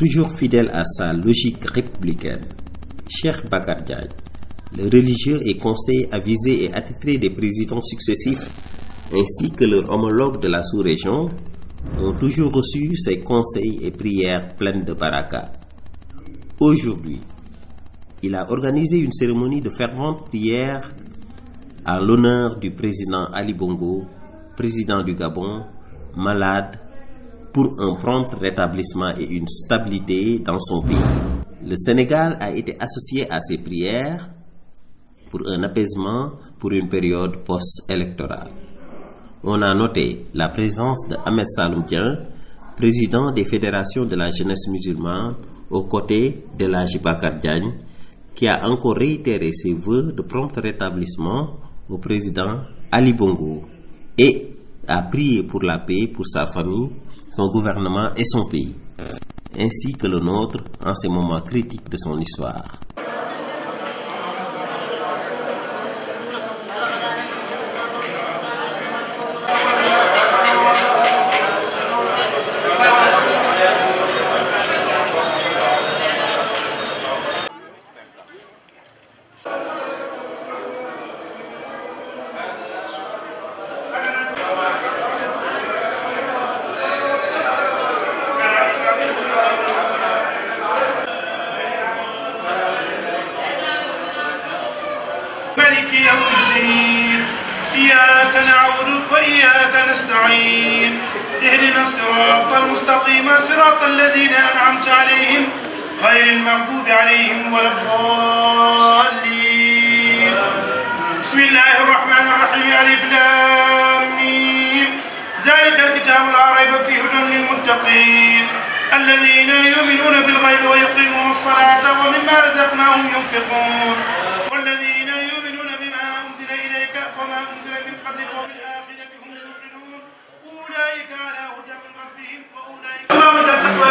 Toujours fidèle à sa logique républicaine, cher Bakar les religieux et conseils avisés et attitrés des présidents successifs, ainsi que leurs homologues de la sous-région, ont toujours reçu ses conseils et prières pleines de baraka. Aujourd'hui, il a organisé une cérémonie de fervente prière à l'honneur du président Ali Bongo, président du Gabon, malade pour un prompt rétablissement et une stabilité dans son pays. Le Sénégal a été associé à ces prières pour un apaisement pour une période post-électorale. On a noté la présence de Ahmed président des fédérations de la jeunesse musulmane, aux côtés de la Diagne, qui a encore réitéré ses voeux de prompt rétablissement au président Ali Bongo et a prié pour la paix, pour sa famille, son gouvernement et son pays, ainsi que le nôtre en ces moments critiques de son histoire. الصراط المستقيم صراط الذين أنعمت عليهم غير المغضوب عليهم ولا الضالين بسم الله الرحمن الرحيم ألف لامين ذلك الكتاب لا ريب فيه هدى للمتقين الذين يؤمنون بالغيب ويقيمون الصلاة ومما رزقناهم ينفقون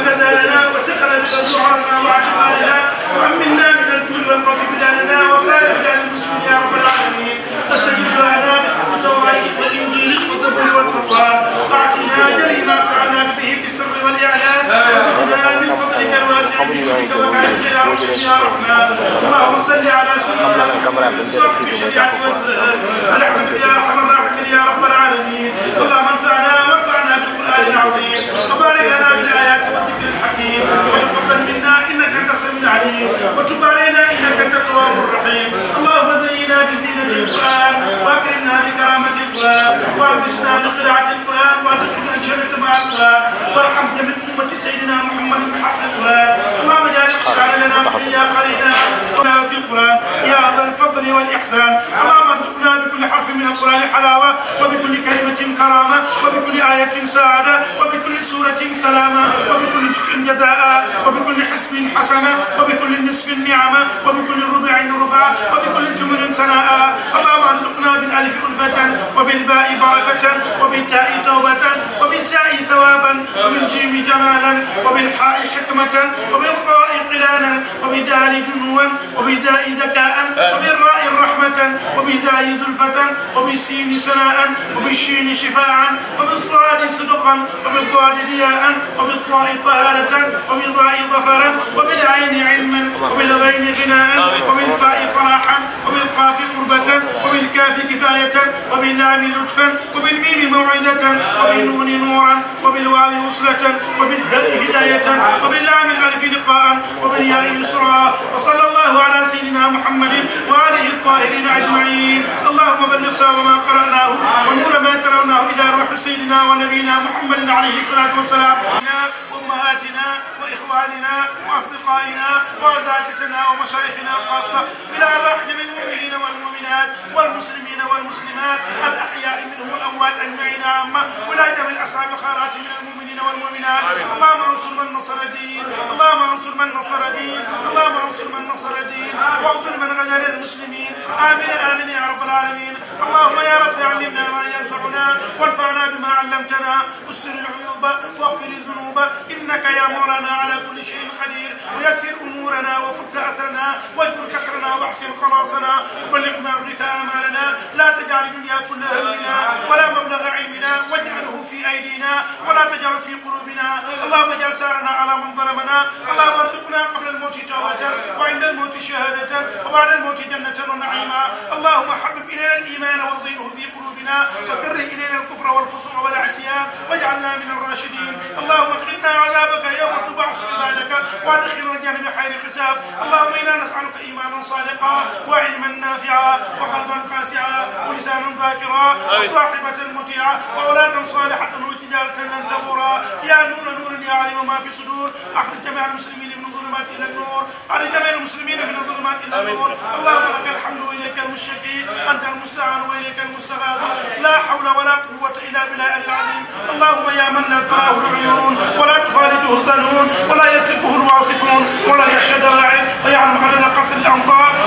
بدا لنا وسخر لنا جوعنا وعشقنا وأمنا من الدنيا القرآن وأكرمنا بكرامة القرآن وألبسنا بخدعة القرآن وأدخلنا الجنة مع القرآن وارحم جميع أمة سيدنا محمد بحق القرآن في القرآن يا ذا الفضل والإحسان اللهم ارزقنا بكل حرف من القرآن حلاوة وبكل كلمة كرامة وبكل آية سعادة وبكل سورة سلامة وبكل جزء جزاء وبكل حسب حسنة وبكل نصف نعمة وبكل ربع رفعة وبكل جمل سناء اللهم ارزقنا بالألف ألفة وبالباء بركة وبالتاء توبة وبالشاء ثوابا وبالجيم جمالا وبالحاء حكمة وبالخاء قرانا وبدال جنوا وبداء ذكاء آه. وبالراء رحمة وبذاء ذلفة وبالسين ثناء وبالشين شفاعا وبالصاد صدقا وبالضاد دياء وبالطاء طهارة وبالظاء بالميم موعظة وبالنون نورا وبالواو وصلة وبالهاء هداية وباللام الألف لقاء وبالياء يسرا وصلى الله على سيدنا محمد وآله الطاهرين أجمعين اللهم بلغ وما ما قرأناه ونور ما ترونه إلى روح سيدنا ونبينا محمد عليه الصلاة والسلام أمهاتنا وإخواننا أصدقائنا وأعزائي ومشايخنا الخاصة إلى رحم المؤمنين والمؤمنات والمسلمين والمسلمات الأحياء منهم الأموات أجمعين عامة ولا جميع الأصحاب الخيرات من المؤمنين والمؤمنات اللهم انصر من نصر الدين اللهم انصر من نصر الدين اللهم انصر من نصر الدين واغفر من غدر المسلمين آمين آمين يا رب العالمين اللهم يا رب علمنا ما ينفعنا وانفعنا بما علمتنا استر العيون التوبة واغفر الذنوب إنك يا مولانا على كل شيء قدير ويسر أمورنا وفك أسرنا واجبر كسرنا واحسن خلاصنا وبلغ ما أمرك آمالنا لا تجعل الدنيا كل همنا ولا مبلغ علمنا واجعله في أيدينا ولا تجعل في قلوبنا اللهم اجعل سارنا على من ظلمنا اللهم ارزقنا قبل الموت توبة وعند الموت شهادة وبعد الموت جنة ونعيما اللهم حبب إلينا الإيمان وزينه في قلوبنا وكره إلينا الكفر والفسوق والعصيان واجعلنا من الرحمن الراشدين اللهم ادخلنا عذابك يوم تبعث عبادك وادخلنا الجنة بخير حساب اللهم إنا نسألك إيمانا صادقا وعلما نافعا وقلبا خاسعا ولسانا ذاكرا وصاحبة مطيعة وأولادا صالحة وتجارة لن تبورا يا نور نور يا عالم ما في صدور أخرج جميع المسلمين من الظلمات إلى النور أخرج جميع المسلمين من الظلمات إلى النور اللهم لك الحمد وإليك المشكي أنت المستعان وإليك المستغاث لا حول ولا قوة إلا بالله العلي من لا تراه العيون ولا تخالجه الظنون ولا يصفه الواصفون ولا يخشى دواعي ويعلم عدد قتل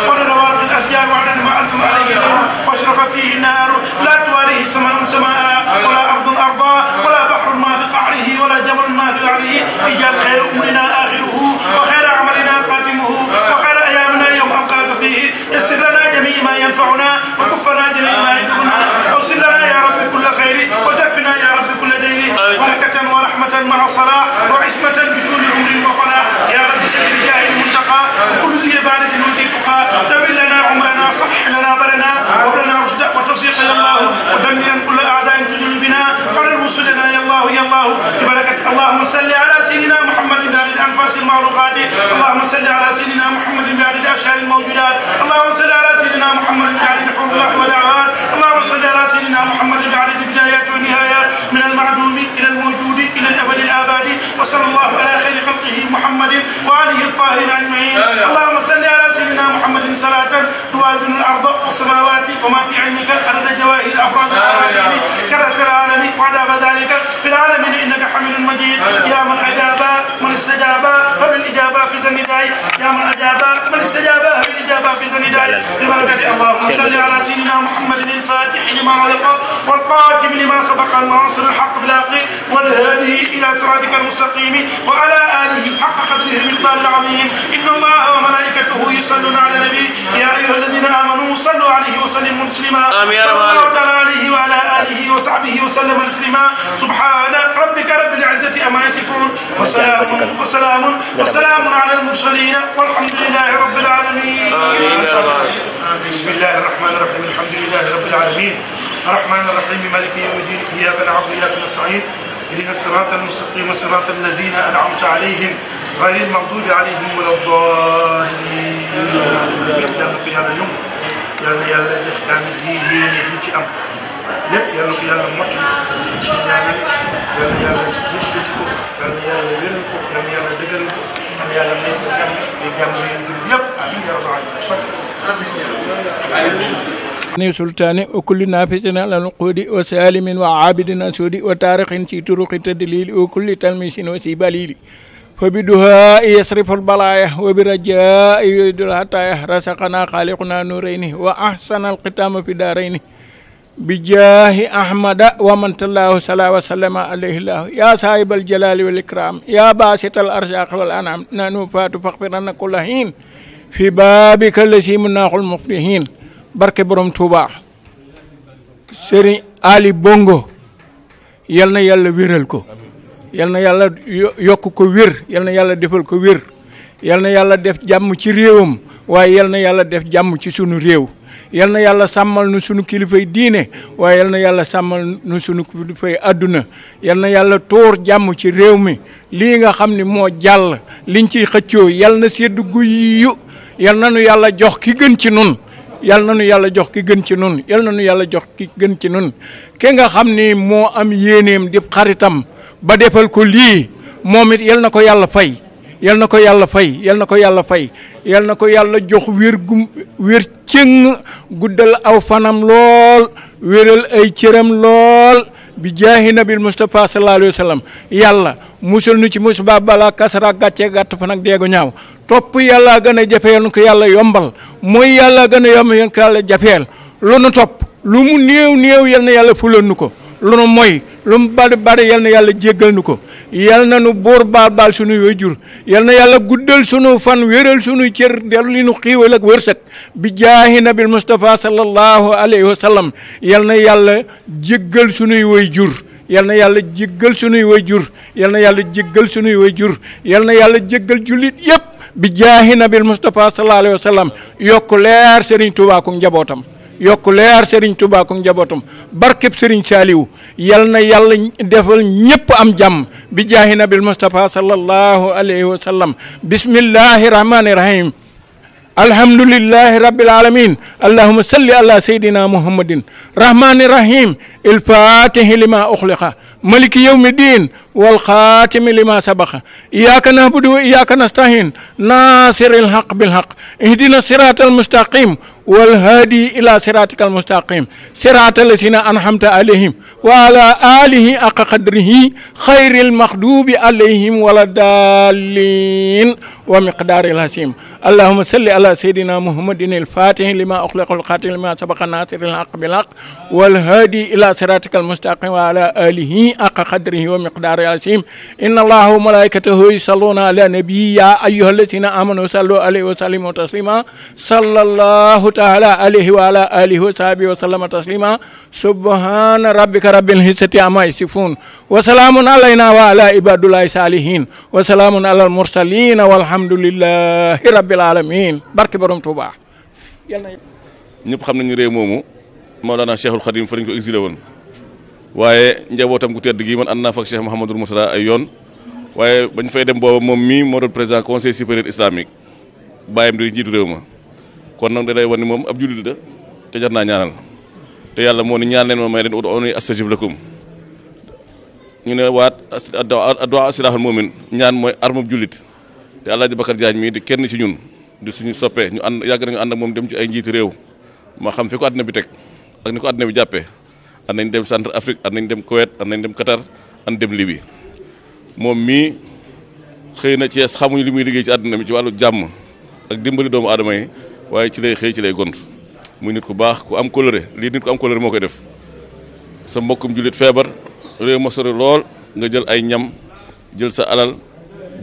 ولا ونوار الاشجار وعدد ما اثم عليه الليل واشرف فيه النار لا تواريه سماء سماء ولا ارض ارضا ولا بحر ما في قعره ولا جبل ما في قعره اجعل خير امرنا محمد جعلت بدايات ونهايات من المعدوم إلى الموجود إلى الأبد الآبادي وصلى الله على خير خلقه محمد وآله الطاهرين أجمعين اللهم صل على سيدنا محمد صلاة توازن الأرض والسماوات وما في علمك أرض جواهر أفراد العالمين كرة العالمين وعذاب ذلك في العالمين إنك حميد مجيد يا من أجاب من استجاب قبل الإجابة في ذن داي يا من أجاب من استجاب بالإجابة في ذن ندائي ببركة اللهم صل على سيدنا محمد الفاتح لما علق والقاتم لما سبق الناصر الحق بلاقي والهادي إلى صراطك المستقيم وعلى آله حق قدره المقدار العظيم إن الله وملائكته يصلون على النبي يا أيها الذين آمنوا صلوا عليه وسلموا تسليما آمين يا رب العالمين عليه وعلى آله وصحبه وسلم تسليما سبحان ربك رب العزة أما يصفون وسلام وسلام وسلام على المرسلين والحمد لله رب العالمين آمين بسم الله الرحمن الرحيم الحمد لله رب العالمين الرحمن الرحيم مالك يوم الدين إياك نعبد وإياك نستعين اهدنا الصراط المستقيم صراط الذين أنعمت عليهم غير المغضوب عليهم ولا الضالين يلا رب العالمين يلا يلا يفتح الدين يلا أمر lépp يا ko yàlla mot ci ñaanal yàlla yàlla يا ci ko yàlla yàlla wéral ko Nih am ya rabbal ni sultani kulli nafisina lan qudi wa salimin wa abidin asudi wa tariqin ci turuqi tadlil o kulli talmisin wa si fa bi duha yasrifu balaya wa bi rajai yudul hataya rasaqana khaliquna nurayni wa ahsana alqitama fi daraini bi jaahi ahmada wa man tallahu sala wa sallama alayhi llahu ya wal ikram ya basital arzaq wal anam nanu fatu faxfirana kulla fi babika lasi munaaxul muflihin barke borom Touba Serigne Ali Bongo yal na yàlla wéral ko yal na yàlla yokk ko wér yal na defal ko wér yal na yàlla def jàmm ci réewam waaye yal na yàlla def jàmm ci sunu réew yal na yàlla sàmmal nu sunu kilifay diine waaye yal na yàlla sàmmal nu sunu kilifay àdduna yal na yàlla tuur jàmm ci réew mi lii nga xam ni moo jàll liñ ciy xëccoo yal na sedd guy yal na nu yàlla jox ki gën ci nun yal na nu yàlla jox ki gën ci nun yal na yàlla jox ki gën ci nun ki nga xam ni moo am yéeneem di xaritam ba defal ko lii moom yal na ko yàlla fay yal na ko yàlla fay yal na ko yàlla fay yal na ko yàlla jox wér gu wér cëng guddal aw fanam lool wéral ay cëram lool bi jaahi nabil Moustapha sallallahu alayhi wa sallam yàlla musul nu ci musiba bala kasara gàcce gàtt fan ak deegu ñaaw topp yàlla gën a jafe yal ko yàlla yombal mooy yàlla gën a yomb yal na ko yàlla jafeel lu nu topp lu mu néew néew yal na yàlla fulal nu ko. lu nu mooy lu mu bari bari yal na yàlla jéggal nu ko yal na nu buur baal baal sunuy jur yal na yàlla guddal sunu fan wéral sunuy cër dellu li nu xiiwal ak wërsëg bi jaahi nabil Mustafa sallallahu alayhi wa sallam yal na yàlla jéggal sunuy jur yal na yàlla jéggal sunuy waajur yal na yàlla jéggal sunuy waajur yal na yàlla jéggal jullit yépp bi jaahi nabil Mustafa sallallahu alayhi wa sallam yokk leer Serigne Touba njabootam. yokk leer Serigne Touba ko njabootam barkeb Serigne Saliou yal na yàlla defal ñëpp am jàmm bi jaahi nabil Mustafa sallallahu alayhi wa sallam bismillahi rahmani rahim alhamdulillahi rabbil alamin allahumma salli ala sayyidina muhammadin rahmani rahim il fatihi lima ukhliqa maliki yawmi din wal khatimi lima sabaqa iyyaka na'budu wa iyyaka nasta'in nasiril haqq bil haqq ihdina siratal mustaqim والهادي إلى صراطك المستقيم صراط الذين أنعمت عليهم وعلى آله اقدره قدره خير المخدوب عليهم ولا الضالين ومقدار الهسيم اللهم صل على سيدنا محمد الفاتح لما أخلق القاتل لما سبق الناصر الحق بالحق والهادي إلى صراطك المستقيم وعلى آله حق قدره ومقدار الهسيم إن الله وملائكته يصلون على نبي يا أيها الذين آمنوا صلوا عليه وسلموا تسليما صلى الله تعالى عليه وعلى آله وصحبه وسلم تسليما سبحان ربك رب العزة عما يصفون وسلام علينا وعلى عباد الله الصالحين وسلام على المرسلين والحمد alhamdulillah rabbil alamin barke borom touba yalla ñep xam nañu rew momu maulana cheikhul khadim fa ko exilé won waye njabotam gu tedd gi man anna na fa cheikh mohammedou moussa ay yoon waye bañ fay dem bobu mom mi modou doon président conseil supérieur islamique bayam di jitu rew ma kon nak day wone mom ab julit da te jarna ñaanal te yalla mo ni ñaan len mo may len udu astajib lakum ñu ne waat addu'a silahul mu'min ñaan moy armu julit te Alaaji Bakar Jaañ mii di kenn ci ñun di suñu soppee ñu ànd yàgg nañu ànd moom dem ci ay njiitu réew maa xam fi ko àddina bi teg ak ni ko àddina bi jàppee an nañ dem centre Afrique an nañ dem Koweït an nañ dem Qatar an dem Libye moom mii xëy na Cees xamuñu li muy liggéey ci àddina bi ci wàllu jàmm ak dimbali doomu aadama yi waaye ci lay xëy ci lay gont muy nit ku baax ku am coloré lii nit ku am coloré moo koy def sa mbokkum jullit feebar réew ma lool nga jël ay ñam jël sa alal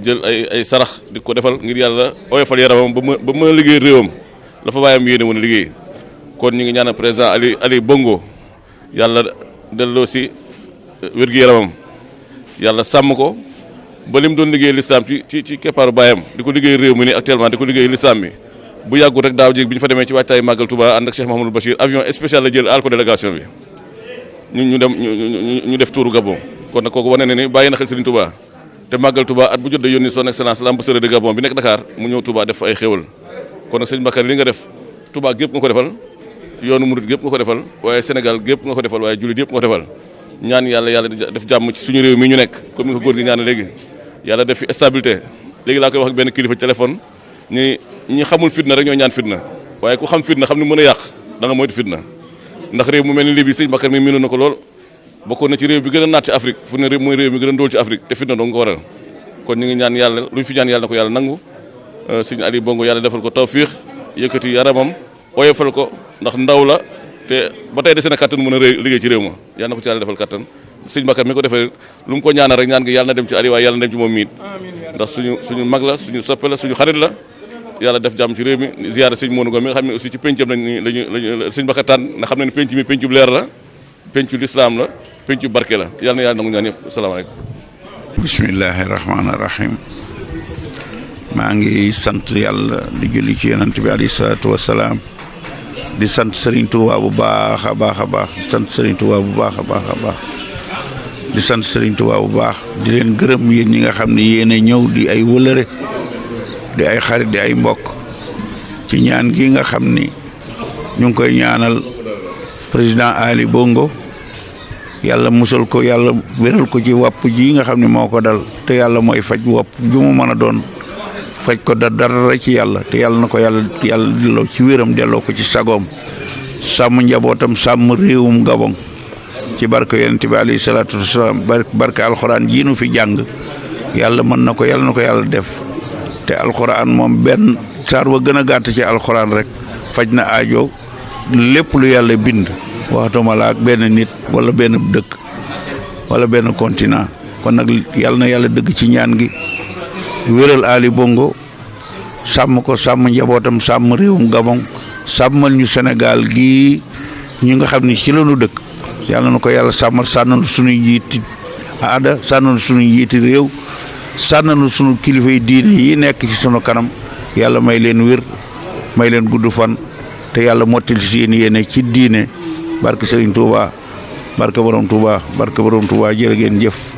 jël ay ay sarax di ko defal ngir yàlla oyofal yaramam ba ba mën liggéey réewam la fa bàyyam yéene woon liggéey kon ñu ngi ñaanal président Ali Ali Bongo yàlla delloo si eh, wérgu yaramam yàlla sàmm ko ba lim doon liggéey lislaam ci ci ci keppaaru bàyyam di ko liggéey réew mi nii actuellement di liggéey lislaam mi bu yàggul rek daaw jéeg bi ñu fa demee ci waajtaay màggal Touba ànd ak Cheikh Mahamadou Bachir avion spécial la jël aal ko délégation bi ñu ñu dem ñu def tuuru Gabon kon nag kooku wane ni bàyyi na xel Serigne Touba te màggal Touba at bu jot da yónni son excellence l'ambassadeur de Gabon bi nekk Dakar mu ñëw Touba def ay xéwal kon nag sëñ li nga def Touba gépp nga ko defal yoonu murit gépp nga ko defal waaye Sénégal gépp nga ko defal waaye jullit yëpp nga ko defal ñaan yàlla yàlla def jàmm ci suñu réew mi ñu nekk comme ni ko góor gi ñaan léegi yàlla def fi stabilité léegi laa koy wax ak benn kilifa téléphone ñi ñi xamul fitna rek ñoo ñaan fitna waaye ku xam fitna xam ni mën a yàq da nga moytu fitna ndax mu mel ni Libye sëñ Bakar mi miinu na ko lool bokkoon na ci réew bi gën a naat ci Afrique fu ne mooy réew mi gën a ndóol ci Afrique te fitna doon ko waral kon ñu ngi ñaan yàlla fi ñaan yàlla na ko yàlla nangu euh, sëñ Aliou Bongo yàlla defal ko tawfiix yëkkati ko ndax ndaw la te ba tey dese na kattan réew ci réew ma yàlla na ko ci yàlla defal kattan sëñ Bakar mi ko defee lu ko ñaanal rek ñaan gi yàlla na dem ci Aliou waaye yàlla na dem ci moom miit ndax suñu suñu mag la suñu soppe la suñu xarit la yàlla def jàmm ci réew mi ziyaara sëñ Moodu Ngom mi nga xam ne aussi ci péncam lañu lañu lañu sëñ Bakar tànn nga xam ne pénc mi péncub leer la pencu l'islam la pencu barke la yalla yalla nangu ñaan yépp assalamu alaykum bismillahir rahmanir rahim ma ngi sant yalla di julli ci yonent bi ubah, habah wassalam di sant serigne touba bu baakha baakha baax di sant serigne touba bu baakha baakha baax di sant serigne touba bu baax di len gërem yeen ñi nga xamni yene ñew di ay wëlëre di ay xarit di ay mbokk ci ñaan gi nga xamni ñu koy ñaanal président Ali Bongo yalla musul ko yalla wéral ko ci wap ji nga xamni moko dal te yalla moy faj wap bu mu meuna don faj ko da dara ci yalla te yalla na ko yalla dilo ci wéram delo ko ci sagom sam njabotam sam rewum gabon ci barke yonent bi alayhi salaatu wasalaam barke alquran ji nu fi jang yalla man na ko nako na ko def te alquran mom ben saar wa gën ci alquran rek fajna ajo lepp lu yalla bind waxatuma la ak ben nit wala ben dekk wala ben continent kon nak yalla na yalla deug ci ñaan gi wëral Ali Bongo sam ko sam njabotam sam réewum Gabon samal ñu senegal gi ñi nga xamni ni ci lañu dekk yalla nako yalla samal sanal suñu njiiti ada sanal suñu njiiti rew sanal suñu kilifa yi diine yi nekk ci suñu kanam yalla may leen wër may leen guddu fan te yàlla mottil si yéen yéene ci diine barke Serigne Touba barke Borom Touba barke Borom Touba jërë ngeen jëf.